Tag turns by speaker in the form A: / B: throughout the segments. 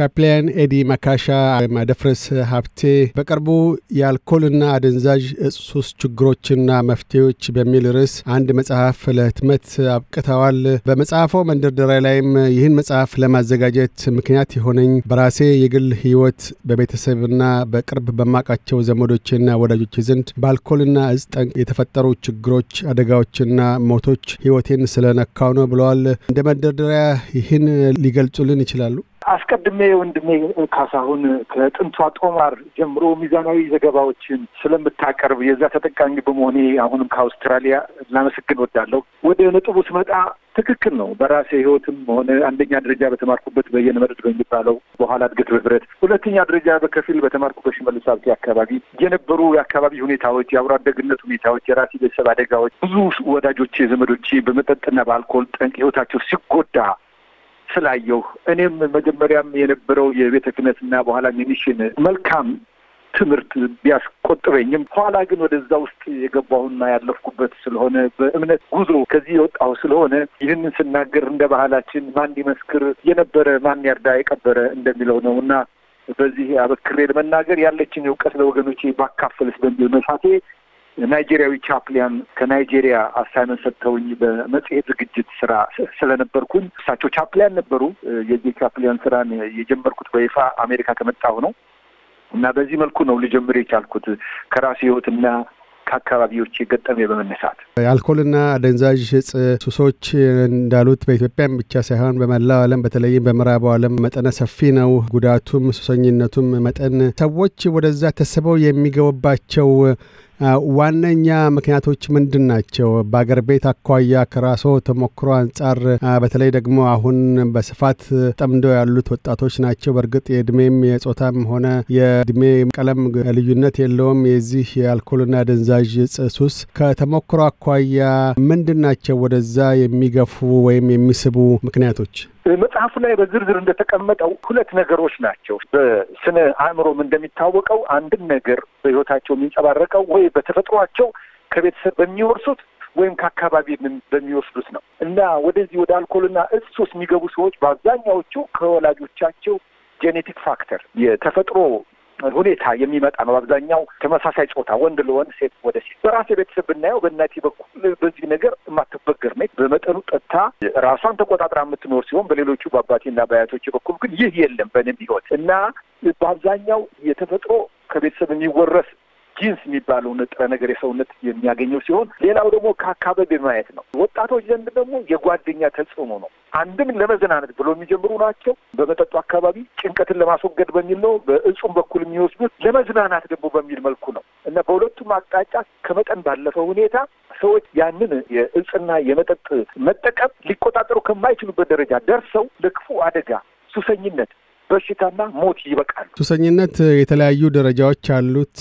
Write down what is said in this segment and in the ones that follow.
A: ቻፕሊያን ኤዲ መካሻ፣ ማደፍረስ ሀብቴ በቅርቡ የአልኮልና አደንዛዥ እጽ ችግሮችና መፍትሄዎች በሚል ርዕስ አንድ መጽሐፍ ለህትመት አብቅተዋል። በመጽሐፎ መንደርደሪያ ላይም ይህን መጽሐፍ ለማዘጋጀት ምክንያት የሆነኝ በራሴ የግል ህይወት በቤተሰብና በቅርብ በማቃቸው ዘመዶችና ወዳጆች ዘንድ በአልኮልና እጽ ጠንቅ የተፈጠሩ ችግሮች፣ አደጋዎችና ሞቶች ህይወቴን ስለነካው ነው ብለዋል። እንደ መንደርደሪያ ይህን ሊገልጹልን ይችላሉ?
B: አስቀድሜ ወንድሜ ካሳሁን ከጥንቷ ጦማር ጀምሮ ሚዛናዊ ዘገባዎችን ስለምታቀርብ የዛ ተጠቃሚ በመሆኔ አሁንም ከአውስትራሊያ ላመሰግን ወዳለሁ። ወደ ነጥቡ ስመጣ ትክክል ነው። በራሴ ህይወትም ሆነ አንደኛ ደረጃ በተማርኩበት በየነ መርዕድ በሚባለው በኋላ እድገት በብረት ሁለተኛ ደረጃ በከፊል በተማርኩበት ሽመልስ ሀብቴ አካባቢ የነበሩ የአካባቢ ሁኔታዎች፣ የአብሮ አደግነት ሁኔታዎች፣ የራሴ ቤተሰብ አደጋዎች፣ ብዙ ወዳጆቼ ዘመዶቼ በመጠጥና በአልኮል ጠንቅ ህይወታቸው ሲጎዳ ስላየሁ እኔም መጀመሪያም የነበረው የቤተ ክህነትና በኋላ ሚኒሽን መልካም ትምህርት ቢያስቆጥበኝም። ኋላ ግን ወደዛ ውስጥ የገባሁና ያለፍኩበት ስለሆነ በእምነት ጉዞ ከዚህ የወጣሁ ስለሆነ ይህንን ስናገር እንደ ባህላችን ማን ሊመስክር የነበረ ማን ያርዳ የቀበረ እንደሚለው ነው እና በዚህ አበክሬ ለመናገር ያለችን እውቀት ለወገኖቼ ባካፈልስ በሚል መሳቴ ናይጄሪያዊ ቻፕሊያን ከናይጄሪያ አሳይመንት ሰጥተውኝ በመጽሔት ዝግጅት ስራ ስለነበርኩኝ እሳቸው ቻፕሊያን ነበሩ። የዚህ ቻፕሊያን ስራን የጀመርኩት በይፋ አሜሪካ ከመጣሁ ነው እና በዚህ መልኩ ነው ልጀምር የቻልኩት ከራሱ ህይወትና ከአካባቢዎች የገጠመ በመነሳት
A: የአልኮልና አደንዛዥ እጽ ሱሶች እንዳሉት በኢትዮጵያም ብቻ ሳይሆን በመላው ዓለም በተለይም በምዕራቡ ዓለም መጠነ ሰፊ ነው። ጉዳቱም ሱሰኝነቱም መጠን ሰዎች ወደዛ ተስበው የሚገቡባቸው ዋነኛ ምክንያቶች ምንድን ናቸው? በአገር ቤት አኳያ ከራሶ ተሞክሮ አንጻር በተለይ ደግሞ አሁን በስፋት ጠምደው ያሉት ወጣቶች ናቸው። በእርግጥ የእድሜም የጾታም ሆነ የእድሜ ቀለም ልዩነት የለውም። የዚህ የአልኮልና ደንዛዥ ሱስ ከተሞክሮ አኳያ ምንድን ናቸው ወደዛ የሚገፉ ወይም የሚስቡ ምክንያቶች?
B: መጽሐፉ ላይ በዝርዝር እንደተቀመጠው ሁለት ነገሮች ናቸው። በስነ አእምሮም እንደሚታወቀው አንድን ነገር በህይወታቸው የሚንጸባረቀው ወይ በተፈጥሯቸው ከቤተሰብ በሚወርሱት ወይም ከአካባቢ በሚወስዱት ነው እና ወደዚህ ወደ አልኮልና እጽ ሱስ የሚገቡ ሰዎች በአብዛኛዎቹ ከወላጆቻቸው ጄኔቲክ ፋክተር የተፈጥሮ ሁኔታ የሚመጣ ነው። በአብዛኛው ተመሳሳይ ጾታ ወንድ ለወንድ ሴት ወደ ሴት። በራሴ ቤተሰብ ብናየው በእናቴ በኩል በዚህ ነገር የማትበገር ነች። በመጠኑ ጠጥታ ራሷን ተቆጣጥራ የምትኖር ሲሆን በሌሎቹ በአባቴና በአያቶቼ በኩል ግን ይህ የለም በእኔም ሕይወት እና በአብዛኛው የተፈጥሮ ከቤተሰብ የሚወረስ ጂንስ የሚባለው ንጥረ ነገር የሰውነት የሚያገኘው ሲሆን ሌላው ደግሞ ከአካባቢ ማየት ነው። ወጣቶች ዘንድ ደግሞ የጓደኛ ተጽዕኖ ነው። አንድም ለመዝናነት ብሎ የሚጀምሩ ናቸው። በመጠጡ አካባቢ ጭንቀትን ለማስወገድ በሚል ነው። በእጹም በኩል የሚወስዱት ለመዝናናት ደግሞ በሚል መልኩ ነው እና በሁለቱም አቅጣጫ ከመጠን ባለፈው ሁኔታ ሰዎች ያንን የእጽና የመጠጥ መጠቀም ሊቆጣጠሩ ከማይችሉበት ደረጃ ደርሰው ለክፉ አደጋ ሱሰኝነት በሽታና ሞት ይበቃሉ።
A: ሱሰኝነት የተለያዩ ደረጃዎች አሉት።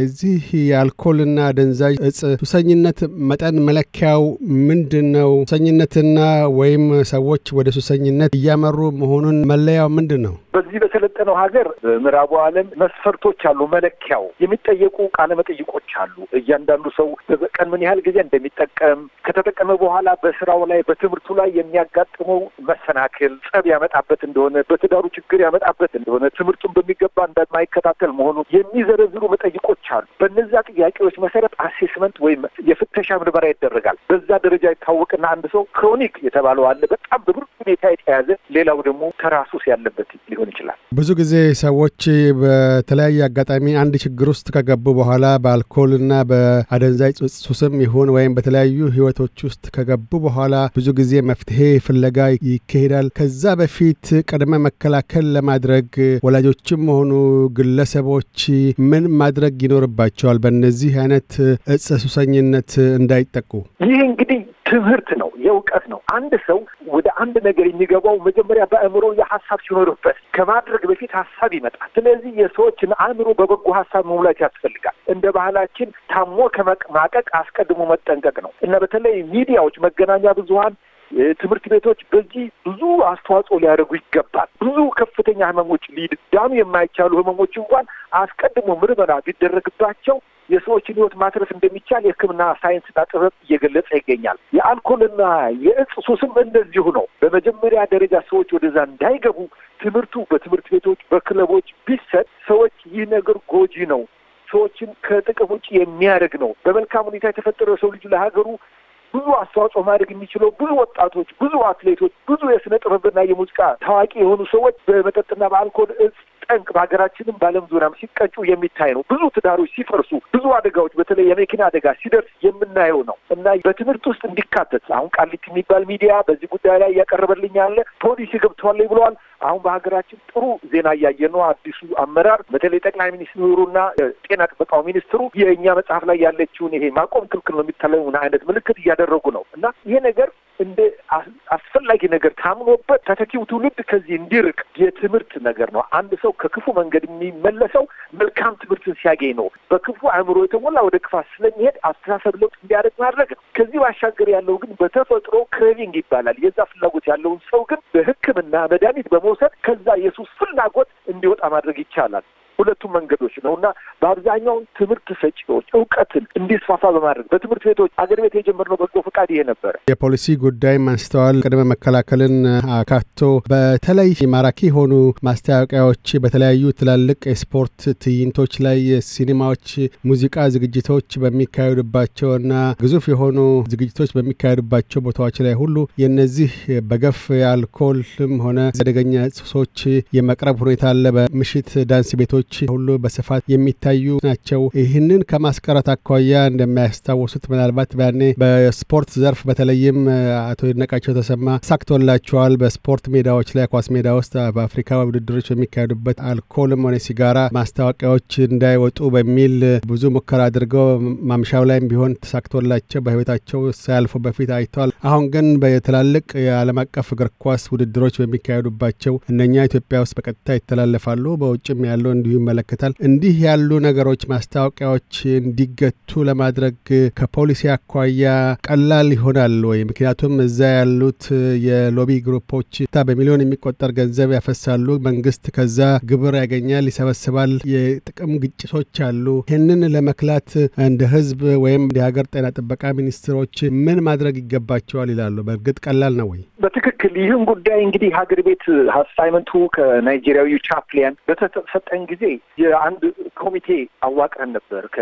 A: የዚህ የአልኮልና ደንዛዥ እጽ ሱሰኝነት መጠን መለኪያው ምንድን ነው? ሱሰኝነትና ወይም ሰዎች ወደ ሱሰኝነት እያመሩ መሆኑን መለያው ምንድን ነው? በዚህ
B: በሰለጠነው ሀገር በምዕራቡ ዓለም መስፈርቶች አሉ። መለኪያው የሚጠየቁ ቃለ መጠይቆች አሉ። እያንዳንዱ ሰው በቀን ምን ያህል ጊዜ እንደሚጠቀም ከተጠቀመ በኋላ በስራው ላይ በትምህርቱ ላይ የሚያጋጥመው መሰናክል ጸብ ያመጣበት እንደሆነ በትዳሩ ችግር የሚያመጣበት እንደሆነ ትምህርቱን በሚገባ እንደማይከታተል መሆኑ የሚዘረዝሩ መጠይቆች አሉ። በነዚያ ጥያቄዎች መሰረት አሴስመንት ወይም የፍተሻ ምርመራ ይደረጋል። በዛ ደረጃ ይታወቅና አንድ ሰው ክሮኒክ የተባለው አለ፣ በጣም በብርቱ ሁኔታ የተያዘ ሌላው ደግሞ ተራሱስ ያለበት ሊሆን ይችላል።
A: ብዙ ጊዜ ሰዎች በተለያየ አጋጣሚ አንድ ችግር ውስጥ ከገቡ በኋላ በአልኮልና በአደንዛይ ሱስም ይሁን ወይም በተለያዩ ህይወቶች ውስጥ ከገቡ በኋላ ብዙ ጊዜ መፍትሄ ፍለጋ ይካሄዳል። ከዛ በፊት ቅድመ መከላከል ለማድረግ ወላጆችም ሆኑ ግለሰቦች ምን ማድረግ ይኖርባቸዋል? በእነዚህ አይነት እጽ ሱሰኝነት እንዳይጠቁ።
B: ይህ እንግዲህ ትምህርት ነው፣ የእውቀት ነው። አንድ ሰው ወደ አንድ ነገር የሚገባው መጀመሪያ በአእምሮ የሀሳብ ሲኖርበት ከማድረግ በፊት ሀሳብ ይመጣል። ስለዚህ የሰዎችን አእምሮ በበጎ ሀሳብ መሙላት ያስፈልጋል። እንደ ባህላችን ታሞ ከመማቀቅ አስቀድሞ መጠንቀቅ ነው እና በተለይ ሚዲያዎች፣ መገናኛ ብዙሀን ትምህርት ቤቶች በዚህ ብዙ አስተዋጽኦ ሊያደርጉ ይገባል። ብዙ ከፍተኛ ህመሞች ሊዳኑ የማይቻሉ ህመሞች እንኳን አስቀድሞ ምርመራ ቢደረግባቸው የሰዎችን ህይወት ማትረፍ እንደሚቻል የህክምና ሳይንስና ጥበብ እየገለጸ ይገኛል። የአልኮልና የእጽ ሱስም እንደዚሁ ነው። በመጀመሪያ ደረጃ ሰዎች ወደዛ እንዳይገቡ ትምህርቱ በትምህርት ቤቶች፣ በክለቦች ቢሰጥ ሰዎች ይህ ነገር ጎጂ ነው ሰዎችን ከጥቅም ውጭ የሚያደርግ ነው። በመልካም ሁኔታ የተፈጠረው የሰው ልጅ ለሀገሩ ብዙ አስተዋጽኦ ማድረግ የሚችለው ብዙ ወጣቶች፣ ብዙ አትሌቶች፣ ብዙ የስነ ጥበብና የሙዚቃ ታዋቂ የሆኑ ሰዎች በመጠጥና በአልኮል እጽ ሲጠንቅ በሀገራችንም በዓለም ዙሪያም ሲቀጩ የሚታይ ነው። ብዙ ትዳሮች ሲፈርሱ፣ ብዙ አደጋዎች በተለይ የመኪና አደጋ ሲደርስ የምናየው ነው እና በትምህርት ውስጥ እንዲካተት አሁን ቃሊት የሚባል ሚዲያ በዚህ ጉዳይ ላይ እያቀረበልኝ ያለ ፖሊሲ ገብተዋል ብለዋል። አሁን በሀገራችን ጥሩ ዜና እያየ ነው። አዲሱ አመራር በተለይ ጠቅላይ ሚኒስትሩና ጤና ጥበቃው ሚኒስትሩ የእኛ መጽሐፍ ላይ ያለችውን ይሄ ማቆም ክልክል ነው የሚታለውን አይነት ምልክት እያደረጉ ነው እና ይሄ ነገር እንደ አስፈላጊ ነገር ታምኖበት ተተኪው ትውልድ ከዚህ እንዲርቅ የትምህርት ነገር ነው። አንድ ሰው ከክፉ መንገድ የሚመለሰው መልካም ትምህርትን ሲያገኝ ነው። በክፉ አእምሮ የተሞላ ወደ ክፋት ስለሚሄድ አስተሳሰብ ለውጥ እንዲያደርግ ማድረግ ነው። ከዚህ ባሻገር ያለው ግን በተፈጥሮ ክሬቪንግ ይባላል። የዛ ፍላጎት ያለውን ሰው ግን በሕክምና መድኃኒት በመውሰድ ከዛ የሱስ ፍላጎት እንዲወጣ ማድረግ ይቻላል። ሁለቱም መንገዶች ነው እና በአብዛኛው ትምህርት ሰጪዎች እውቀትን እንዲስፋፋ በማድረግ በትምህርት ቤቶች አገር ቤት የጀመርነው በጎ ፈቃድ ይሄ ነበረ።
A: የፖሊሲ ጉዳይ ማስተዋል ቅድመ መከላከልን አካቶ በተለይ ማራኪ የሆኑ ማስታወቂያዎች በተለያዩ ትላልቅ የስፖርት ትዕይንቶች ላይ፣ ሲኒማዎች፣ ሙዚቃ ዝግጅቶች በሚካሄዱባቸው እና ግዙፍ የሆኑ ዝግጅቶች በሚካሄዱባቸው ቦታዎች ላይ ሁሉ የነዚህ በገፍ የአልኮልም ሆነ አደገኛ ሱሶች የመቅረብ ሁኔታ አለ። በምሽት ዳንስ ቤቶች ሁሉ በስፋት የሚታዩ ናቸው። ይህንን ከማስቀረት አኳያ እንደሚያስታውሱት ምናልባት ባኔ በስፖርት ዘርፍ በተለይም አቶ ይድነቃቸው ተሰማ ሳክቶላቸዋል። በስፖርት ሜዳዎች ላይ ኳስ ሜዳ ውስጥ በአፍሪካ ውድድሮች በሚካሄዱበት አልኮልም ሆነ ሲጋራ ማስታወቂያዎች እንዳይወጡ በሚል ብዙ ሙከራ አድርገው ማምሻው ላይም ቢሆን ተሳክቶላቸው በህይወታቸው ሳያልፉ በፊት አይተዋል። አሁን ግን በትላልቅ የዓለም አቀፍ እግር ኳስ ውድድሮች በሚካሄዱባቸው እነኛ ኢትዮጵያ ውስጥ በቀጥታ ይተላለፋሉ። በውጭም ያለው እንዲሁ ይመለከታል። እንዲህ ያሉ ነገሮች ማስታወቂያዎች እንዲገቱ ለማድረግ ከፖሊሲ አኳያ ቀላል ይሆናል ወይ? ምክንያቱም እዛ ያሉት የሎቢ ግሩፖች ታ በሚሊዮን የሚቆጠር ገንዘብ ያፈሳሉ። መንግስት ከዛ ግብር ያገኛል፣ ይሰበስባል። የጥቅም ግጭቶች አሉ። ይህንን ለመክላት እንደ ህዝብ ወይም ሀገር ጤና ጥበቃ ሚኒስትሮች ምን ማድረግ ይገባቸዋል ይላሉ? በእርግጥ ቀላል ነው ወይ?
B: በትክክል ይህን ጉዳይ እንግዲህ ሀገር ቤት አሳይመንቱ ከናይጄሪያዊ ቻፕሊያን በተሰጠን ጊዜ የአንድ ኮሚቴ አዋቅረን ነበር ከ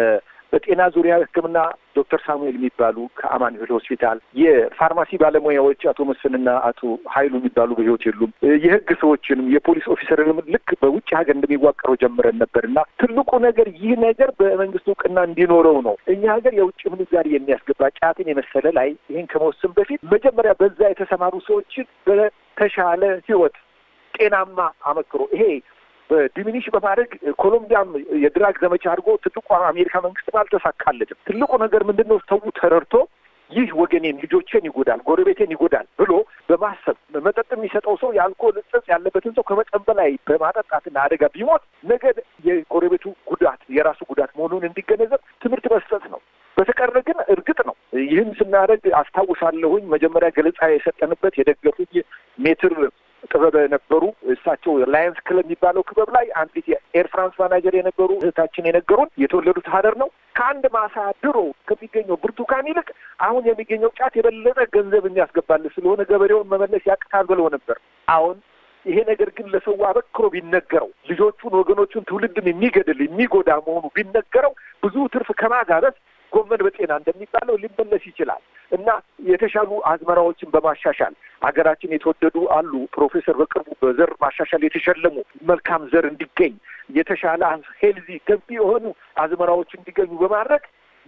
B: በጤና ዙሪያ ሕክምና ዶክተር ሳሙኤል የሚባሉ ከአማኑኤል ሆስፒታል፣ የፋርማሲ ባለሙያዎች አቶ መስፍንና አቶ ሀይሉ የሚባሉ በሕይወት የሉም። የህግ ሰዎችንም የፖሊስ ኦፊሰርንም ልክ በውጭ ሀገር እንደሚዋቀረው ጀምረን ነበር እና ትልቁ ነገር ይህ ነገር በመንግስት እውቅና እንዲኖረው ነው። እኛ ሀገር የውጭ ምንዛሪ የሚያስገባ ጫትን የመሰለ ላይ ይህን ከመወሰን በፊት መጀመሪያ በዛ የተሰማሩ ሰዎችን በተሻለ ህይወት ጤናማ አመክሮ ይሄ በዲሚኒሽ በማድረግ ኮሎምቢያም የድራግ ዘመቻ አድርጎ ትልቁ አሜሪካ መንግስት አልተሳካለትም። ትልቁ ነገር ምንድን ነው? ሰው ተረድቶ ይህ ወገኔን፣ ልጆቼን ይጎዳል፣ ጎረቤቴን ይጎዳል ብሎ በማሰብ መጠጥ የሚሰጠው ሰው የአልኮል እጽጽ ያለበትን ሰው ከመጠን በላይ በማጠጣትና አደጋ ቢሞት ነገ የጎረቤቱ ጉዳት የራሱ ጉዳት መሆኑን እንዲገነዘብ ትምህርት መስጠት ነው። በተቀረ ግን እርግጥ ነው ይህን ስናደርግ አስታውሳለሁኝ መጀመሪያ ገለጻ የሰጠንበት የደገፉኝ ሜትር ክበብ የነበሩ እሳቸው ላየንስ ክለብ የሚባለው ክበብ ላይ አንዲት የኤር ፍራንስ ማናጀር የነበሩ እህታችን የነገሩን የተወለዱት ሀደር ነው። ከአንድ ማሳ ድሮ ከሚገኘው ብርቱካን ይልቅ አሁን የሚገኘው ጫት የበለጠ ገንዘብ የሚያስገባል ስለሆነ ገበሬውን መመለስ ያቅታል ብለው ነበር። አሁን ይሄ ነገር ግን ለሰው አበክሮ ቢነገረው ልጆቹን፣ ወገኖቹን፣ ትውልድም የሚገድል የሚጎዳ መሆኑ ቢነገረው ብዙ ትርፍ ከማጋበስ ጎመን በጤና እንደሚባለው ሊመለስ ይችላል። እና የተሻሉ አዝመራዎችን በማሻሻል ሀገራችን የተወደዱ አሉ። ፕሮፌሰር በቅርቡ በዘር ማሻሻል የተሸለሙ መልካም ዘር እንዲገኝ የተሻለ ሄልዚ ገንቢ የሆኑ አዝመራዎች እንዲገኙ በማድረግ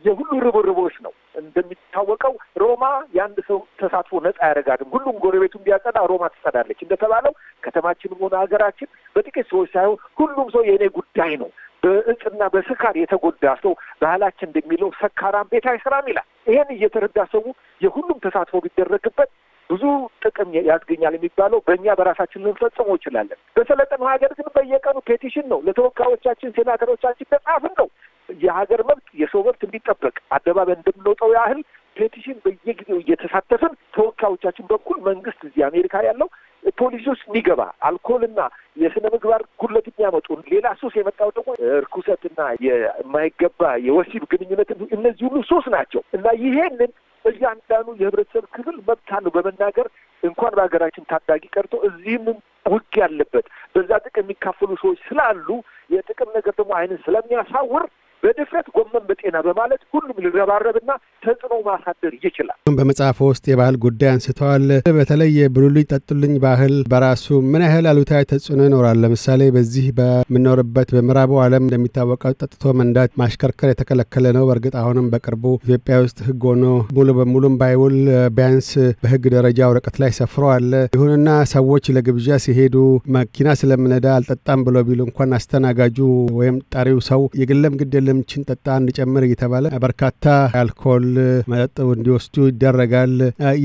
B: የሁሉ ርብርቦች ነው። እንደሚታወቀው ሮማ የአንድ ሰው ተሳትፎ ነጻ አያደርጋትም። ሁሉም ጎረቤቱን ቢያጸዳ ሮማ ትጸዳለች። እንደተባለው ከተማችንም ሆነ ሀገራችን በጥቂት ሰዎች ሳይሆን ሁሉም ሰው የእኔ ጉዳይ ነው። በእጽና በስካር የተጎዳ ሰው ባህላችን እንደሚለው ሰካራም ቤት አይሰራም ይላል። ይሄን እየተረዳ ሰው የሁሉም ተሳትፎ ቢደረግበት ብዙ ጥቅም ያስገኛል የሚባለው በእኛ በራሳችን ልንፈጽሞ ይችላለን። በሰለጠነው ሀገር ግን በየቀኑ ፔቲሽን ነው ለተወካዮቻችን ሴናተሮቻችን ተጻፍን ነው የሀገር መብት የሰው መብት እንዲጠበቅ አደባባይ እንደምንወጣው ያህል ፔቲሽን በየጊዜው እየተሳተፍን ተወካዮቻችን በኩል መንግስት እዚህ አሜሪካ ያለው ፖሊሲዎች እንዲገባ አልኮልና የስነ ምግባር ጉለት የሚያመጡ ሌላ ሱስ የመጣው ደግሞ እርኩሰትና የማይገባ የወሲብ ግንኙነት እነዚህ ሁሉ ሶስት ናቸው እና ይሄንን በእያንዳንዱ የህብረተሰብ ክፍል መብት አለው በመናገር እንኳን በሀገራችን ታዳጊ ቀርቶ እዚህም ውግ ያለበት በዛ ጥቅም የሚካፈሉ ሰዎች ስላሉ የጥቅም ነገር ደግሞ አይንን ስለሚያሳውር በድፍረት ጎመን በጤና በማለት ሁሉም ሊረባረብና ተጽዕኖ ማሳደር
A: ይችላል። በመጽሐፍ ውስጥ የባህል ጉዳይ አንስተዋል። በተለይ ብሉልኝ ጠጡልኝ ባህል በራሱ ምን ያህል አሉታዊ ተጽዕኖ ይኖራል? ለምሳሌ በዚህ በምኖርበት በምዕራቡ ዓለም እንደሚታወቀው ጠጥቶ መንዳት ማሽከርከር የተከለከለ ነው። በእርግጥ አሁንም በቅርቡ ኢትዮጵያ ውስጥ ሕግ ሆኖ ሙሉ በሙሉም ባይውል ቢያንስ በሕግ ደረጃ ወረቀት ላይ ሰፍሮ አለ። ይሁንና ሰዎች ለግብዣ ሲሄዱ መኪና ስለምነዳ አልጠጣም ብሎ ቢሉ እንኳን አስተናጋጁ ወይም ጠሪው ሰው የግለም ግድ አይደለም ችን ጠጣ እንጨምር እየተባለ በርካታ አልኮል መጠጥ እንዲወስዱ ይደረጋል።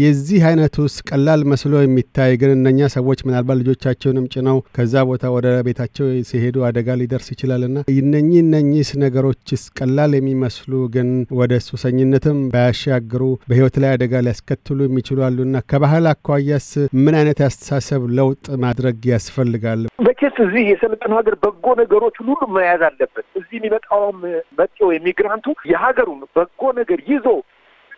A: የዚህ አይነት ውስጥ ቀላል መስሎ የሚታይ ግን እነኛ ሰዎች ምናልባት ልጆቻቸውንም ጭነው ከዛ ቦታ ወደ ቤታቸው ሲሄዱ አደጋ ሊደርስ ይችላልና እነኚ እነኚህስ ነገሮችስ ቀላል የሚመስሉ ግን ወደ ሱሰኝነትም ባያሻግሩ በህይወት ላይ አደጋ ሊያስከትሉ የሚችሉ አሉና ከባህል አኳያስ ምን አይነት ያስተሳሰብ ለውጥ ማድረግ ያስፈልጋል?
B: መቼስ እዚህ የሰለጠነው ሀገር በጎ ነገሮችን ሁሉ መያዝ አለበት። እዚህ የሚመጣውም መጤው ኢሚግራንቱ የሀገሩን በጎ ነገር ይዞ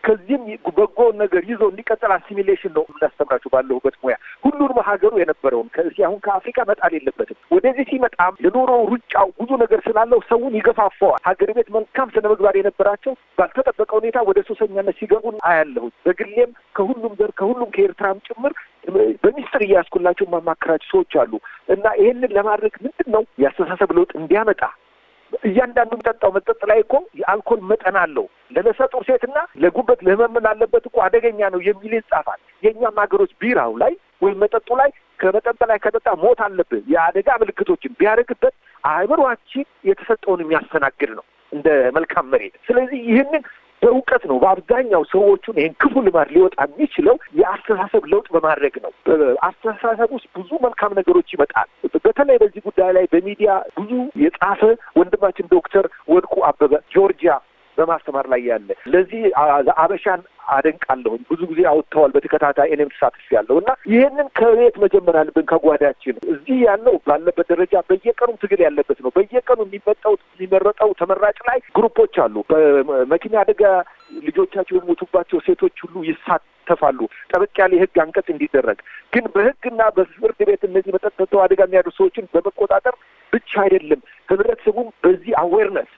B: ከዚህም በጎ ነገር ይዞ እንዲቀጥል አሲሚሌሽን ነው የምናስተምራቸው። ባለሁበት ሙያ ሁሉንም ሀገሩ የነበረውን ከዚህ አሁን ከአፍሪካ መጣል የለበትም። ወደዚህ ሲመጣም የኖረው ሩጫው ብዙ ነገር ስላለው ሰውን ይገፋፋዋል። ሀገር ቤት መልካም ስነ ምግባር የነበራቸው ባልተጠበቀ ሁኔታ ወደ ሶሰኛነት ሲገቡ አያለሁት። በግሌም ከሁሉም ዘር ከሁሉም ከኤርትራም ጭምር በሚስጥር እያስኩላቸው ማማከራቸው ሰዎች አሉ እና ይህንን ለማድረግ ምንድን ነው የአስተሳሰብ ለውጥ እንዲያመጣ እያንዳንዱ የሚጠጣው መጠጥ ላይ እኮ የአልኮል መጠን አለው። ለነፍሰ ጡር ሴትና ለጉበት ለህመም ላለበት እኮ አደገኛ ነው የሚል ይጻፋል። የእኛም ሀገሮች ቢራው ላይ ወይም መጠጡ ላይ ከመጠጥ ላይ ከጠጣ ሞት አለብህ የአደጋ ምልክቶችን ቢያደርግበት አእምሯችን የተሰጠውን የሚያስተናግድ ነው እንደ መልካም መሬት። ስለዚህ ይህንን በእውቀት ነው። በአብዛኛው ሰዎቹን ይህን ክፉ ልማድ ሊወጣ የሚችለው የአስተሳሰብ ለውጥ በማድረግ ነው። አስተሳሰብ ውስጥ ብዙ መልካም ነገሮች ይመጣል። በተለይ በዚህ ጉዳይ ላይ በሚዲያ ብዙ የጻፈ ወንድማችን ዶክተር ወድቁ አበበ ጆርጂያ በማስተማር ላይ ያለ ለዚህ አበሻን አደንቃለሁኝ። ብዙ ጊዜ አውጥተዋል በተከታታይ እኔም ተሳትፍ ያለው እና ይህንን ከቤት መጀመር አለብን ከጓዳችን። እዚህ ያለው ባለበት ደረጃ በየቀኑ ትግል ያለበት ነው። በየቀኑ የሚመጣው የሚመረጠው ተመራጭ ላይ ግሩፖች አሉ። በመኪና አደጋ ልጆቻቸው የሞቱባቸው ሴቶች ሁሉ ይሳተፋሉ። ጠበቅ ያለ የህግ አንቀጽ እንዲደረግ ግን በህግና በፍርድ ቤት እነዚህ መጠጥ አደጋ የሚያደርሱ ሰዎችን በመቆጣጠር ብቻ አይደለም ህብረተሰቡም በዚህ አዌርነስ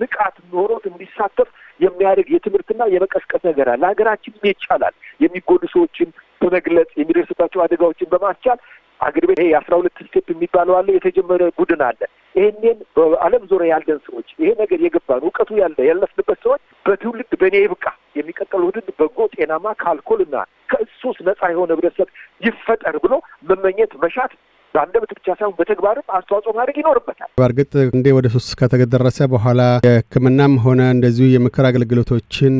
B: ንቃት ኖሮት እንዲሳተፍ የሚያደርግ የትምህርትና የመቀስቀስ ነገር አለ። ሀገራችን ይቻላል የሚጎዱ ሰዎችን በመግለጽ የሚደርስባቸው አደጋዎችን በማስቻል አገር ቤት ይሄ የአስራ ሁለት ስቴፕ የሚባለው አለ የተጀመረ ቡድን አለ። ይህንን በዓለም ዙሪያ ያለን ሰዎች ይሄ ነገር የገባን እውቀቱ ያለ ያለፍንበት ሰዎች በትውልድ በእኔ ይብቃ የሚቀጥለው ትውልድ በጎ ጤናማ ከአልኮልና ከእሱስ ነጻ የሆነ ህብረተሰብ ይፈጠር ብሎ መመኘት መሻት በአንደበት ብቻ ሳይሆን በተግባርም አስተዋጽኦ ማድረግ ይኖርበታል።
A: በእርግጥ እንዴ ወደ ሶስት ከተደረሰ በኋላ የሕክምናም ሆነ እንደዚሁ የምክር አገልግሎቶችን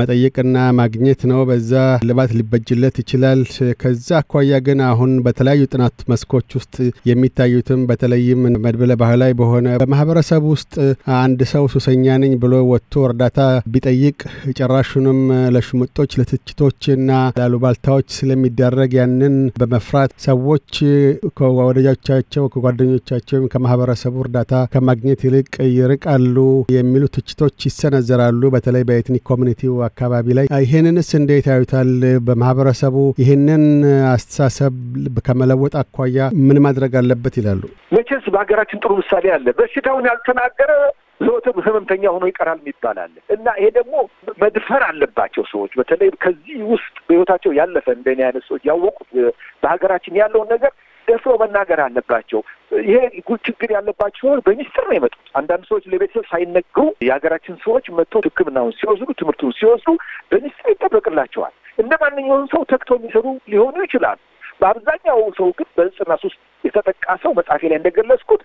A: መጠየቅና ማግኘት ነው። በዛ ልባት ሊበጅለት ይችላል። ከዛ አኳያ ግን አሁን በተለያዩ ጥናት መስኮች ውስጥ የሚታዩትም በተለይም መድብለ ባህላዊ በሆነ በማህበረሰብ ውስጥ አንድ ሰው ሱሰኛ ነኝ ብሎ ወጥቶ እርዳታ ቢጠይቅ ጭራሹንም ለሽሙጦች፣ ለትችቶች እና ላሉባልታዎች ስለሚደረግ ያንን በመፍራት ሰዎች ከወዳጆቻቸው ከጓደኞቻቸውም ከማህበረሰቡ እርዳታ ከማግኘት ይልቅ ይርቃሉ የሚሉ ትችቶች ይሰነዘራሉ፣ በተለይ በኤትኒክ ኮሚኒቲው አካባቢ ላይ። ይህንንስ እንዴት ያዩታል? በማህበረሰቡ ይህንን አስተሳሰብ ከመለወጥ አኳያ ምን ማድረግ አለበት ይላሉ? መቼስ በሀገራችን
B: ጥሩ ምሳሌ አለ። በሽታውን ያልተናገረ ዘወትም ህመምተኛ ሆኖ ይቀራል ይባላል እና ይሄ ደግሞ መድፈር አለባቸው ሰዎች። በተለይ ከዚህ ውስጥ በህይወታቸው ያለፈ እንደኔ አይነት ሰዎች ያወቁት በሀገራችን ያለውን ነገር ደፍሮ መናገር አለባቸው። ይሄ ችግር ያለባቸው ሲሆን በሚስጥር ነው የመጡት። አንዳንድ ሰዎች ለቤተሰብ ሳይነግሩ የሀገራችን ሰዎች መጥቶ ሕክምናውን ሲወስዱ ትምህርቱን ሲወስዱ በሚስጥር ይጠበቅላቸዋል። እንደ ማንኛውም ሰው ተግቶ የሚሰሩ ሊሆኑ ይችላሉ። በአብዛኛው ሰው ግን በጽና ሱስ የተጠቃ ሰው መጽሐፌ ላይ እንደገለጽኩት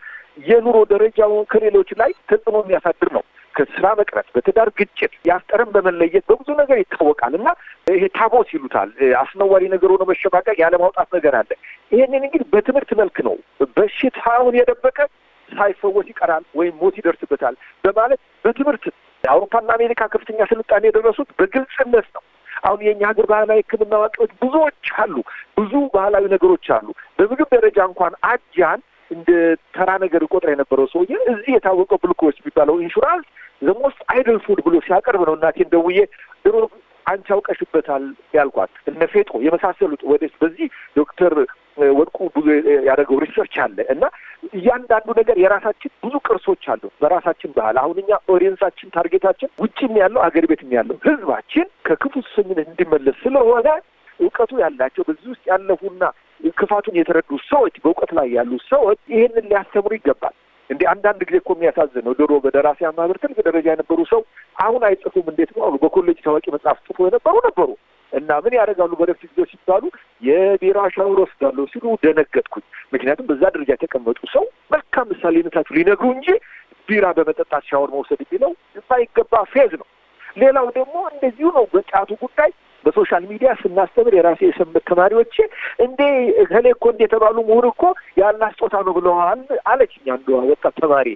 B: የኑሮ ደረጃው ከሌሎች ላይ ተጽዕኖ የሚያሳድር ነው። ከስራ መቅረት፣ በትዳር ግጭት፣ የአፍጠርን በመለየት በብዙ ነገር ይታወቃል እና ይሄ ታቦት ይሉታል። አስነዋሪ ነገር ሆኖ መሸባቀቅ ያለማውጣት ነገር አለ። ይህንን እንግዲህ በትምህርት መልክ ነው በሽታውን የደበቀ ሳይፈወስ ይቀራል ወይም ሞት ይደርስበታል በማለት በትምህርት የአውሮፓና አሜሪካ ከፍተኛ ስልጣኔ የደረሱት በግልጽነት ነው። አሁን የእኛ ሀገር ባህላዊ ሕክምና አዋቂዎች ብዙዎች አሉ። ብዙ ባህላዊ ነገሮች አሉ። በምግብ ደረጃ እንኳን አጃን እንደ ተራ ነገር ቆጥር የነበረው ሰውዬ እዚህ የታወቀው ብልኮች የሚባለው ኢንሹራንስ ዘሞስት አይደል ፉድ ብሎ ሲያቀርብ ነው እናቴን ደውዬ ድሮ አንቺ አውቀሽበታል ያልኳት እነ ፌጦ የመሳሰሉት ወደ በዚህ ዶክተር ወድቁ ብዙ ያደረገው ሪሰርች አለ እና እያንዳንዱ ነገር የራሳችን ብዙ ቅርሶች አሉ። በራሳችን ባህል አሁን እኛ ኦዲየንሳችን ታርጌታችን ውጭም ያለው አገር ቤትም ያለው ህዝባችን ከክፉ ሱሰኝነት እንዲመለስ ስለሆነ እውቀቱ ያላቸው በዚህ ውስጥ ያለፉና ክፋቱን የተረዱ ሰዎች፣ በእውቀት ላይ ያሉ ሰዎች ይህንን ሊያስተምሩ ይገባል። እንዲህ አንዳንድ ጊዜ እኮ የሚያሳዝነው ድሮ በደራሲያን ማህበር ትልቅ ደረጃ የነበሩ ሰው አሁን አይጽፉም እንዴት ነው በኮሌጅ ታዋቂ መጽሐፍ ጽፎ የነበሩ ነበሩ እና ምን ያደርጋሉ በደፍት ጊዜው ሲባሉ የቢራ ሻወር ወስዳለሁ ሲሉ ደነገጥኩኝ። ምክንያቱም በዛ ደረጃ የተቀመጡ ሰው መልካም ምሳሌነታቸው ሊነግሩ እንጂ ቢራ በመጠጣት ሻወር መውሰድ የሚለው የማይገባ ፌዝ ነው። ሌላው ደግሞ እንደዚሁ ነው። በጫቱ ጉዳይ በሶሻል ሚዲያ ስናስተምር የራሴ የሰምት ተማሪዎቼ እንዴ እከሌ እኮ እንደ የተባሉ ምሁር እኮ ያላ ስጦታ ነው ብለዋል አለችኝ አንዷ ወጣት ተማሪ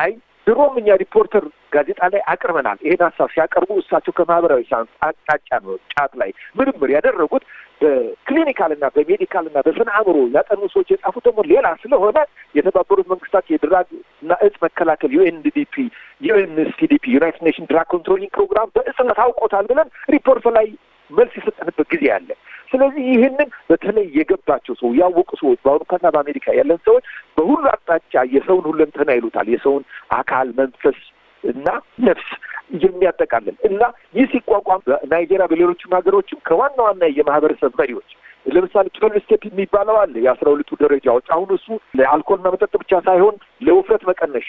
B: አይ ድሮም እኛ ሪፖርተር ጋዜጣ ላይ አቅርበናል። ይሄን ሀሳብ ሲያቀርቡ እሳቸው ከማህበራዊ ሳይንስ አቅጣጫ ነው ጫት ላይ ምርምር ያደረጉት። በክሊኒካል በሜዲካል በሜዲካልና በስነ አእምሮ ያጠኑ ሰዎች የጻፉት ደግሞ ሌላ ስለሆነ የተባበሩት መንግስታት የድራግ እና እጽ መከላከል ዩኤንዲዲፒ ዩኤንስቲዲፒ ዩናይትድ ኔሽን ድራግ ኮንትሮሊንግ ፕሮግራም በእጽነት አውቆታል ብለን ሪፖርት ላይ መልስ የሰጠንበት ጊዜ አለ። ስለዚህ ይህንን በተለይ የገባቸው ሰው ያወቁ ሰዎች በአውሮፓ እና በአሜሪካ ያለን ሰዎች በሁሉ አቅጣጫ የሰውን ሁለንተና ይሉታል የሰውን አካል መንፈስ እና ነፍስ የሚያጠቃልል እና ይህ ሲቋቋም በናይጄሪያ በሌሎችም ሀገሮችም ከዋና ዋና የማህበረሰብ መሪዎች ለምሳሌ ትዌልቭ ስቴፕ የሚባለው አለ የአስራ ሁለቱ ደረጃዎች አሁን እሱ ለአልኮልና መጠጥ ብቻ ሳይሆን ለውፍረት መቀነሻ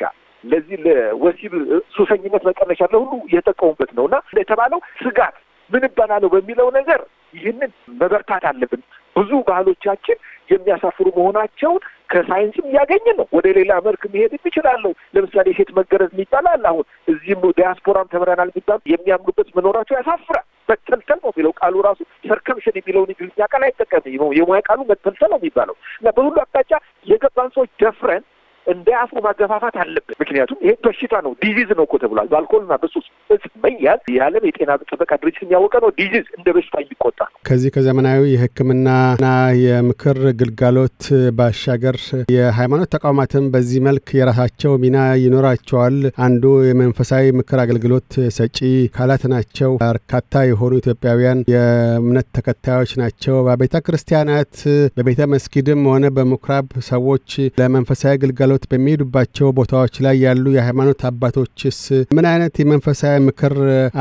B: ለዚህ ለወሲብ ሱሰኝነት መቀነሻ ለሁሉ የተጠቀሙበት ነው እና የተባለው ስጋት ምን እባላለሁ በሚለው ነገር ይህንን መበርታት አለብን። ብዙ ባህሎቻችን የሚያሳፍሩ መሆናቸውን ከሳይንስም እያገኘን ነው። ወደ ሌላ መልክ መሄድ ይችላለሁ። ለምሳሌ ሴት መገረዝ የሚባላል አሁን እዚህም ዲያስፖራም ተምረናል የሚባሉ የሚያምኑበት መኖራቸው ያሳፍራል። መተልተል ነው የሚለው ቃሉ ራሱ ሰርከምሽን የሚለውን እንግሊዝኛ ቃል አይጠቀም። የሙያ ቃሉ መተልተል ነው የሚባለው እና በሁሉ አቅጣጫ የገባን ሰዎች ደፍረን እንደ ማገፋፋት አለብን። ምክንያቱም ይሄ በሽታ ነው፣ ዲዚዝ ነው እኮ ተብሏል። በአልኮልና በሱስ እጽ መያዝ የዓለም የጤና ጥበቃ ድርጅት የሚያወቀ
A: ነው። ዲዚዝ እንደ በሽታ የሚቆጣ ነው። ከዚህ ከዘመናዊ የሕክምናና የምክር ግልጋሎት ባሻገር የሃይማኖት ተቋማትም በዚህ መልክ የራሳቸው ሚና ይኖራቸዋል። አንዱ የመንፈሳዊ ምክር አገልግሎት ሰጪ አካላት ናቸው። በርካታ የሆኑ ኢትዮጵያውያን የእምነት ተከታዮች ናቸው። በቤተ ክርስቲያናት በቤተ መስጊድም ሆነ በምኩራብ ሰዎች ለመንፈሳዊ ግልጋሎት ጸሎት በሚሄዱባቸው ቦታዎች ላይ ያሉ የሃይማኖት አባቶችስ ምን አይነት የመንፈሳዊ ምክር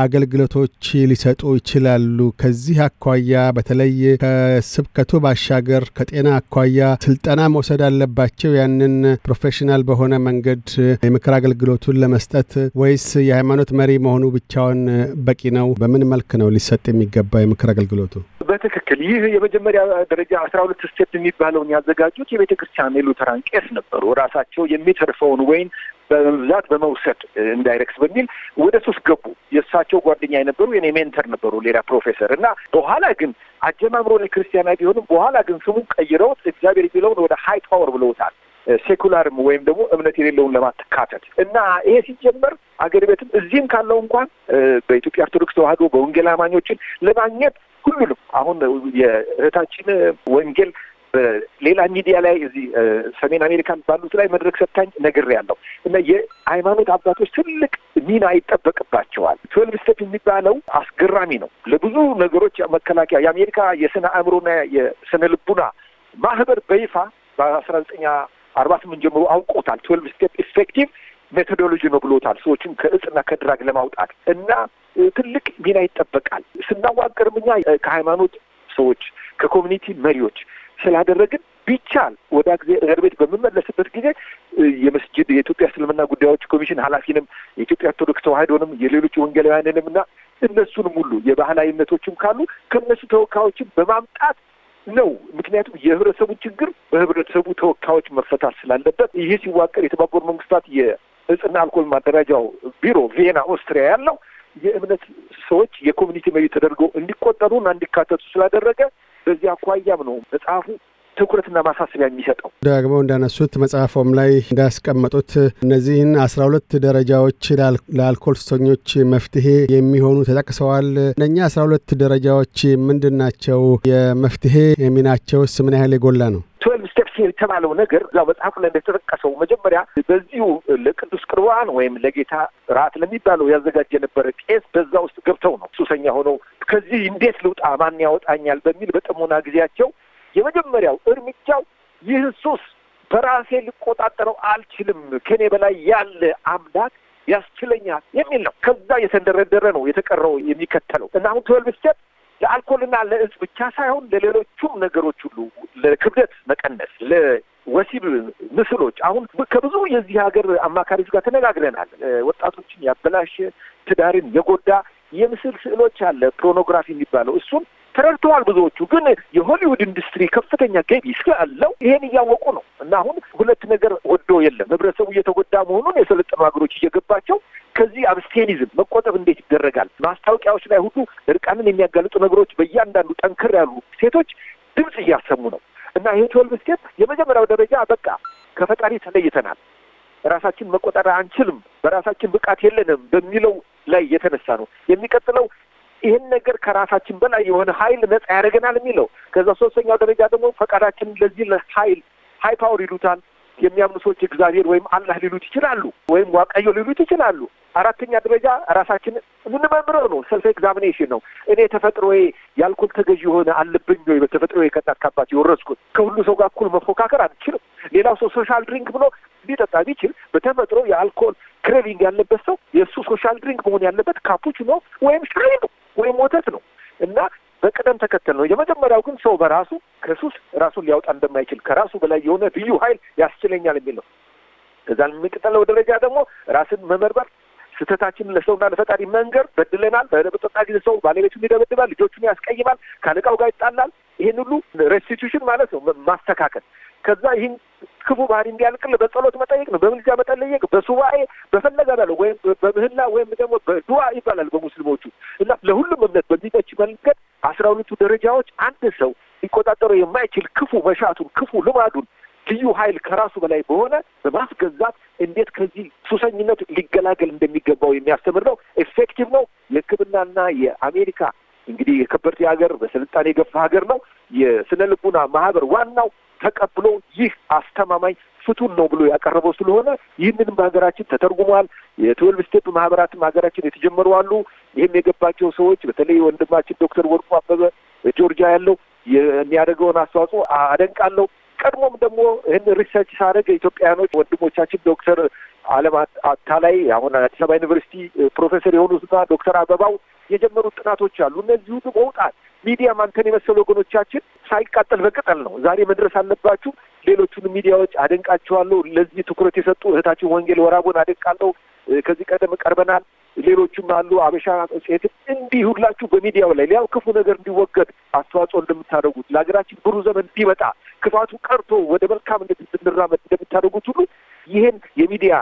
A: አገልግሎቶች ሊሰጡ ይችላሉ? ከዚህ አኳያ በተለይ ከስብከቱ ባሻገር ከጤና አኳያ ስልጠና መውሰድ አለባቸው ያንን ፕሮፌሽናል በሆነ መንገድ የምክር አገልግሎቱን ለመስጠት ወይስ የሃይማኖት መሪ መሆኑ ብቻውን በቂ ነው? በምን መልክ ነው ሊሰጥ የሚገባ የምክር አገልግሎቱ?
B: በትክክል ይህ የመጀመሪያ ደረጃ አስራ ሁለት ስቴፕ የሚባለውን ያዘጋጁት የቤተ ክርስቲያን የሉተራን ቄስ ነበሩ። ራሳቸው የሚተርፈውን ወይን በመብዛት በመውሰድ እንዳይረክስ በሚል ወደ ሶስት ገቡ። የእሳቸው ጓደኛ የነበሩ የኔ ሜንተር ነበሩ፣ ሌላ ፕሮፌሰር እና በኋላ ግን አጀማምሮ ላይ ክርስቲያና ቢሆንም በኋላ ግን ስሙን ቀይረውት እግዚአብሔር የሚለውን ወደ ሀይ ፓወር ብለውታል። ሴኩላርም ወይም ደግሞ እምነት የሌለውን ለማትካተት እና ይሄ ሲጀመር አገር ቤትም እዚህም ካለው እንኳን በኢትዮጵያ ኦርቶዶክስ ተዋህዶ በወንጌል አማኞችን ለማግኘት ሁሉንም አሁን የእህታችን ወንጌል በሌላ ሚዲያ ላይ እዚህ ሰሜን አሜሪካን ባሉት ላይ መድረክ ሰጥታኝ ነግሬ ያለው እና የሃይማኖት አባቶች ትልቅ ሚና ይጠበቅባቸዋል። ትዌልቭ ስቴፕ የሚባለው አስገራሚ ነው። ለብዙ ነገሮች መከላከያ የአሜሪካ የስነ አእምሮና የስነ ልቡና ማህበር በይፋ በአስራ ዘጠኛ አርባ ስምንት ጀምሮ አውቆታል። ትዌልቭ ስቴፕ ኢፌክቲቭ ሜቶዶሎጂ ነው ብሎታል። ሰዎችን ከእጽና ከድራግ ለማውጣት እና ትልቅ ሚና ይጠበቃል። ስናዋቅርም እኛ ከሃይማኖት ሰዎች ከኮሚኒቲ መሪዎች ስላደረግን ቢቻል ወደ አገር ቤት በምመለስበት ጊዜ የመስጅድ የኢትዮጵያ እስልምና ጉዳዮች ኮሚሽን ኃላፊንም የኢትዮጵያ ኦርቶዶክስ ተዋህዶንም የሌሎች ወንጌላውያንንም እና እነሱንም ሁሉ የባህላዊነቶችም ካሉ ከእነሱ ተወካዮችን በማምጣት ነው። ምክንያቱም የህብረተሰቡን ችግር በህብረተሰቡ ተወካዮች መፈታት ስላለበት ይህ ሲዋቀር የተባበሩ መንግስታት የእጽና አልኮል ማደራጃው ቢሮ ቪየና ኦስትሪያ ያለው የእምነት ሰዎች የኮሚኒቲ መሪ ተደርገው እንዲቆጠሩና እንዲካተቱ ስላደረገ በዚህ አኳያም ነው መጽሐፉ ትኩረትና ማሳሰቢያ
A: የሚሰጠው። ደግሞ እንዳነሱት መጽሐፎም ላይ እንዳስቀመጡት እነዚህን አስራ ሁለት ደረጃዎች ለአልኮል ሱሰኞች መፍትሄ የሚሆኑ ተጠቅሰዋል። እነኛ አስራ ሁለት ደረጃዎች ምንድን ናቸው? የመፍትሄ ሚናቸውስ ምን ያህል የጎላ ነው?
B: ይሄ የተባለው ነገር ያው መጽሐፉ ላይ እንደተጠቀሰው መጀመሪያ በዚሁ ለቅዱስ ቅርባን ወይም ለጌታ ራት ለሚባለው ያዘጋጀ የነበረ ቄስ በዛ ውስጥ ገብተው ነው ሱሰኛ ሆነው ከዚህ እንዴት ልውጣ ማን ያወጣኛል በሚል በጥሞና ጊዜያቸው የመጀመሪያው እርምጃው ይህ ሱስ በራሴ ልቆጣጠረው አልችልም፣ ከኔ በላይ ያለ አምላክ ያስችለኛል የሚል ነው። ከዛ የተንደረደረ ነው የተቀረው የሚከተለው እና አሁን ትወልብ ስቴፕ ለአልኮልና ለእጽ ብቻ ሳይሆን ለሌሎቹም ነገሮች ሁሉ ለክብደት መቀነስ፣ ለወሲብ ምስሎች አሁን ከብዙ የዚህ ሀገር አማካሪዎች ጋር ተነጋግረናል። ወጣቶችን ያበላሸ ትዳርን የጎዳ የምስል ስዕሎች አለ ፕሮኖግራፊ የሚባለው እሱን ተረድተዋል። ብዙዎቹ ግን የሆሊውድ ኢንዱስትሪ ከፍተኛ ገቢ ስላለው ይሄን እያወቁ ነው እና አሁን ሁለት ነገር ወዶ የለም ህብረተሰቡ እየተጎዳ መሆኑን የሰለጠኑ ሀገሮች እየገባቸው ከዚህ አብስቴኒዝም መቆጠብ እንዴት ይደረጋል? ማስታወቂያዎች ላይ ሁሉ እርቃንን የሚያጋልጡ ነገሮች በእያንዳንዱ ጠንከር ያሉ ሴቶች ድምፅ እያሰሙ ነው እና ይሄ ትወልቭ ስቴፕ የመጀመሪያው ደረጃ በቃ ከፈጣሪ ተለይተናል፣ ራሳችን መቆጠር አንችልም፣ በራሳችን ብቃት የለንም በሚለው ላይ የተነሳ ነው። የሚቀጥለው ይህን ነገር ከራሳችን በላይ የሆነ ሀይል ነጻ ያደርገናል የሚለው ከዛ ሶስተኛው ደረጃ ደግሞ ፈቃዳችን ለዚህ ለሀይል ሀይ ፓወር ይሉታል የሚያምኑ ሰዎች እግዚአብሔር ወይም አላህ ሊሉት ይችላሉ፣ ወይም ዋቀዮ ሊሉት ይችላሉ። አራተኛ ደረጃ ራሳችን የምንመምረው ነው፣ ሰልፍ ኤግዛሚኔሽን ነው። እኔ ተፈጥሮ ያልኩል ተገዥ የሆነ አለብኝ ወይ? በተፈጥሮዬ ከእናት ከአባት የወረስኩት ከሁሉ ሰው ጋር እኩል መፎካከር አልችልም። ሌላው ሰው ሶሻል ድሪንክ ብሎ ሊጠጣ ቢችል በተፈጥሮ የአልኮል ክሬቪንግ ያለበት ሰው የእሱ ሶሻል ድሪንክ መሆን ያለበት ካፑች ነው ወይም ሻይ ነው። ወይም ወተት ነው እና በቅደም ተከተል ነው። የመጀመሪያው ግን ሰው በራሱ ከሱስ ራሱን ሊያወጣ እንደማይችል ከራሱ በላይ የሆነ ልዩ ኃይል ያስችለኛል የሚል ነው። ከዛ የሚቀጥለው ደረጃ ደግሞ ራስን መመርመር፣ ስህተታችንን ለሰውና ለፈጣሪ መንገር። በድለናል። በጠጣ ጊዜ ሰው ባለቤቱን ይደበድባል፣ ልጆቹን ያስቀይማል፣ ከአለቃው ጋር ይጣላል። ይህን ሁሉ ሬስቲቱሽን ማለት ነው ማስተካከል ከዛ ይህን ክፉ ባህሪ እንዲያልቅል በጸሎት መጠየቅ ነው፣ በምልጃ መጠለየቅ በሱባኤ በፈለገ ባለው ወይም በምህላ ወይም ደግሞ በዱዋ ይባላል በሙስሊሞቹ እና ለሁሉም እምነት በሚጠች መንገድ አስራ ሁለቱ ደረጃዎች አንድ ሰው ሊቆጣጠረው የማይችል ክፉ መሻቱን ክፉ ልማዱን ልዩ ኃይል ከራሱ በላይ በሆነ በማስገዛት እንዴት ከዚህ ሱሰኝነቱ ሊገላገል እንደሚገባው የሚያስተምር ነው። ኤፌክቲቭ ነው። የሕክምናና የአሜሪካ እንግዲህ የከበርቴ ሀገር በስልጣኔ የገፋ ሀገር ነው። የስነ ልቡና ማህበር ዋናው ተቀብሎ ይህ አስተማማኝ ፍቱን ነው ብሎ ያቀረበው ስለሆነ ይህንንም በሀገራችን ተተርጉሟል። የትዌልቭ ስቴፕ ማህበራትም ሀገራችን የተጀመሩ አሉ። ይህም የገባቸው ሰዎች በተለይ ወንድማችን ዶክተር ወርቁ አበበ ጆርጂያ ያለው የሚያደርገውን አስተዋጽኦ አደንቃለሁ። ቀድሞም ደግሞ ይህን ሪሰርች ሳደርግ ኢትዮጵያውያኖች ወንድሞቻችን ዶክተር አለም አታላይ አሁን አዲስ አበባ ዩኒቨርሲቲ ፕሮፌሰር የሆኑትና ዶክተር አበባው የጀመሩት ጥናቶች አሉ። እነዚህ ሁሉ መውጣት ሚዲያ ማንተን የመሰሉ ወገኖቻችን ሳይቃጠል በቅጠል ነው ዛሬ መድረስ አለባችሁ። ሌሎቹን ሚዲያዎች አደንቃቸዋለሁ። ለዚህ ትኩረት የሰጡ እህታችን ወንጌል ወራቦን አደንቃለሁ። ከዚህ ቀደም ቀርበናል። ሌሎቹም አሉ። አበሻ መጽሔት እንዲህ ሁላችሁ በሚዲያው ላይ ሊያው ክፉ ነገር እንዲወገድ አስተዋጽኦ እንደምታደርጉት ለሀገራችን ብሩ ዘመን እንዲመጣ ክፋቱ ቀርቶ ወደ መልካም እንድንራመድ እንደምታደርጉት ሁሉ ይህን የሚዲያ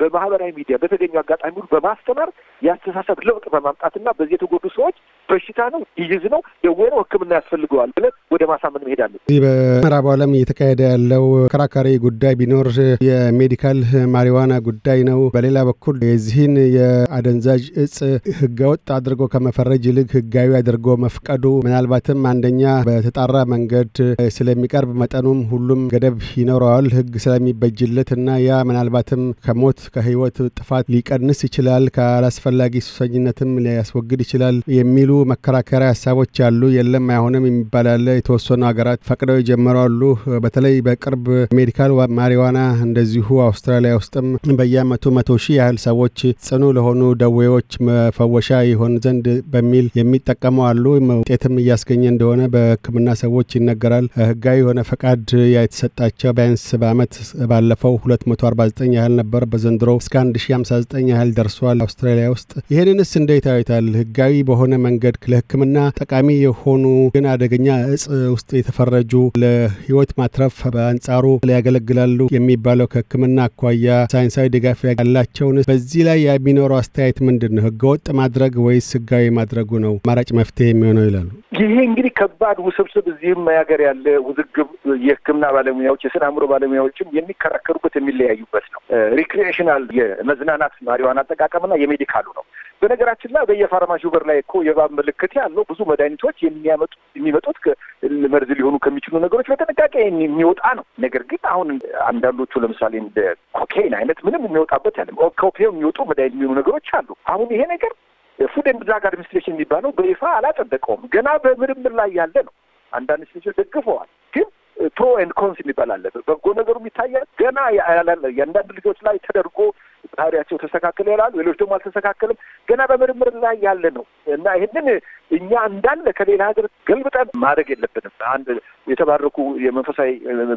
B: በማህበራዊ ሚዲያ በተገኙ አጋጣሚ ሁሉ በማስተማር የአስተሳሰብ ለውጥ በማምጣትና በዚህ የተጎዱ ሰዎች በሽታ ነው፣ ይይዝ ነው፣ ደዌ ነው፣ ያስፈልገዋል ብለን ወደ ማሳመን መሄድ አለ።
A: እዚህ በምዕራቡ ዓለም እየተካሄደ ያለው ከራካሪ ጉዳይ ቢኖር የሜዲካል ማሪዋና ጉዳይ ነው። በሌላ በኩል የዚህን የአደንዛዥ እጽ ህገወጥ አድርጎ ከመፈረጅ ይልቅ ህጋዊ አድርጎ መፍቀዱ ምናልባትም አንደኛ በተጣራ መንገድ ስለሚቀርብ መጠኑም ሁሉም ገደብ ይኖረዋል ህግ ስለሚበጅለት እና ያ ምናልባትም ከሞት ከህይወት ጥፋት ሊቀንስ ይችላል፣ ካላስፈላጊ ሱሰኝነትም ሊያስወግድ ይችላል የሚሉ መከራከሪያ ሀሳቦች አሉ የለም አይሆንም የሚባላለ የተወሰኑ ሀገራት ፈቅደው አሉ። በተለይ በቅርብ ሜዲካል ማሪዋና እንደዚሁ አውስትራሊያ ውስጥም በየአመቱ መቶ ሺህ ያህል ሰዎች ጽኑ ለሆኑ ደዌዎች መፈወሻ ይሆን ዘንድ በሚል የሚጠቀሙ አሉ። ውጤትም እያስገኘ እንደሆነ በሕክምና ሰዎች ይነገራል። ህጋዊ የሆነ ፈቃድ የተሰጣቸው ቢያንስ በአመት ባለፈው 249 ያህል ነበር። በዘንድሮ እስከ 1059 ያህል ደርሷል አውስትራሊያ ውስጥ። ይህንንስ እንዴት ያዩታል? ህጋዊ በሆነ መንገድ መንገድ ለሕክምና ጠቃሚ የሆኑ ግን አደገኛ እጽ ውስጥ የተፈረጁ ለህይወት ማትረፍ በአንጻሩ ሊያገለግላሉ የሚባለው ከሕክምና አኳያ ሳይንሳዊ ድጋፍ ያላቸውን በዚህ ላይ የሚኖረው አስተያየት ምንድን ነው? ህገወጥ ማድረግ ወይስ ህጋዊ ማድረጉ ነው አማራጭ መፍትሄ የሚሆነው ይላሉ።
B: ይሄ እንግዲህ ከባድ ውስብስብ፣ እዚህም ሀገር ያለ ውዝግብ የህክምና ባለሙያዎች የስነ አእምሮ ባለሙያዎችም የሚከራከሩበት የሚለያዩበት ነው። ሪክሪኤሽናል የመዝናናት ማሪዋን አጠቃቀምና የሜዲካሉ ነው። በነገራችን ላይ በየፋርማሲው በር ላይ እኮ የእባብ ምልክት ያለው ብዙ መድኃኒቶች የሚያመጡ የሚመጡት መርዝ ሊሆኑ ከሚችሉ ነገሮች በጥንቃቄ የሚወጣ ነው። ነገር ግን አሁን አንዳንዶቹ ለምሳሌ እንደ ኮኬይን አይነት ምንም የሚወጣበት ያለ ኮኬው የሚወጡ መድኃኒት የሚሆኑ ነገሮች አሉ። አሁን ይሄ ነገር ፉድ ኤንድ ድራግ አድሚኒስትሬሽን የሚባለው በይፋ አላጸደቀውም። ገና በምርምር ላይ ያለ ነው። አንዳንድ ስቴቶች ደግፈዋል ግን ፕሮ ኤንድ ኮንስ የሚባል አለ። በጎ ነገሩ የሚታያል። ገና የአንዳንድ ልጆች ላይ ተደርጎ ባህሪያቸው ተስተካከለ ይላሉ፣ ሌሎች ደግሞ አልተስተካከልም። ገና በምርምር ላይ ያለ ነው እና ይህንን እኛ እንዳለ ከሌላ ሀገር ገልብጠን ማድረግ የለብንም። አንድ የተባረኩ የመንፈሳዊ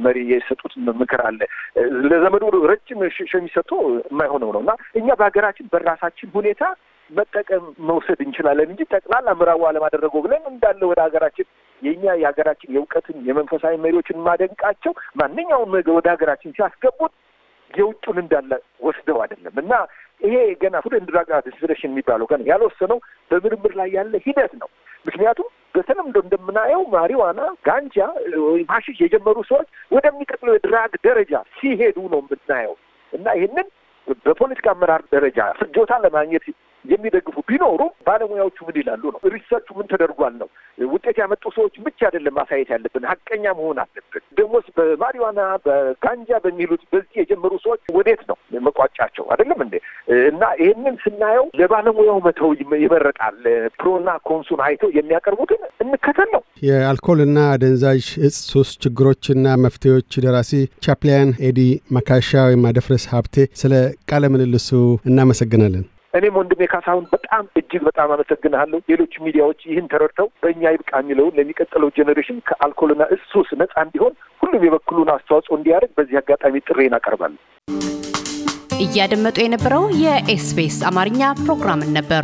B: መሪ የሰጡት ምክር አለ። ለዘመዱ ረጅም ሸሚዝ ሰጥቶ የማይሆነው ነው እና እኛ በሀገራችን በራሳችን ሁኔታ መጠቀም መውሰድ እንችላለን እንጂ ጠቅላላ ምዕራቡ ዓለም አደረገው ብለን እንዳለ ወደ ሀገራችን የእኛ የሀገራችን የእውቀትን የመንፈሳዊ መሪዎችን ማደንቃቸው ማንኛውም ወደ ሀገራችን ሲያስገቡት የውጩን እንዳለ ወስደው አይደለም እና ይሄ ገና ፉድ ኤንድ ድራግ አድሚኒስትሬሽን የሚባለው ገና ያልወሰነው በምርምር ላይ ያለ ሂደት ነው። ምክንያቱም በተለምዶ እንደምናየው ማሪዋና፣ ጋንጃ፣ ሀሺሽ የጀመሩ ሰዎች ወደሚቀጥለው የድራግ ደረጃ ሲሄዱ ነው የምናየው እና ይህንን በፖለቲካ አመራር ደረጃ ፍጆታ ለማግኘት የሚደግፉ ቢኖሩም ባለሙያዎቹ ምን ይላሉ ነው። ሪሰርቹ ምን ተደርጓል ነው። ውጤት ያመጡ ሰዎች ብቻ አይደለም ማሳየት ያለብን፣ ሀቀኛ መሆን አለብን። ደግሞስ በማሪዋና በጋንጃ በሚሉት በዚህ የጀመሩ ሰዎች ወዴት ነው መቋጫቸው? አይደለም እንዴ? እና ይህንን ስናየው ለባለሙያው መተው ይመረጣል። ፕሮና ኮንሱን አይተው የሚያቀርቡትን
A: እንከተል ነው። የአልኮልና አደንዛዥ እጽ ሱስ ችግሮችና መፍትሄዎች ደራሲ ቻፕሊያን ኤዲ መካሻ ወይም አደፍረስ ሀብቴ፣ ስለ ቃለ ምልልሱ እናመሰግናለን።
B: እኔም ወንድሜ ካሳሁን በጣም እጅግ በጣም አመሰግንሃለሁ። ሌሎች ሚዲያዎች ይህን ተረድተው በእኛ ይብቃ የሚለውን ለሚቀጥለው ጄኔሬሽን ከአልኮልና ሱስ ነጻ እንዲሆን ሁሉም የበኩሉን አስተዋጽኦ እንዲያደርግ በዚህ አጋጣሚ ጥሬ እናቀርባለን።
A: እያደመጡ የነበረው የኤስቢኤስ አማርኛ ፕሮግራምን ነበር።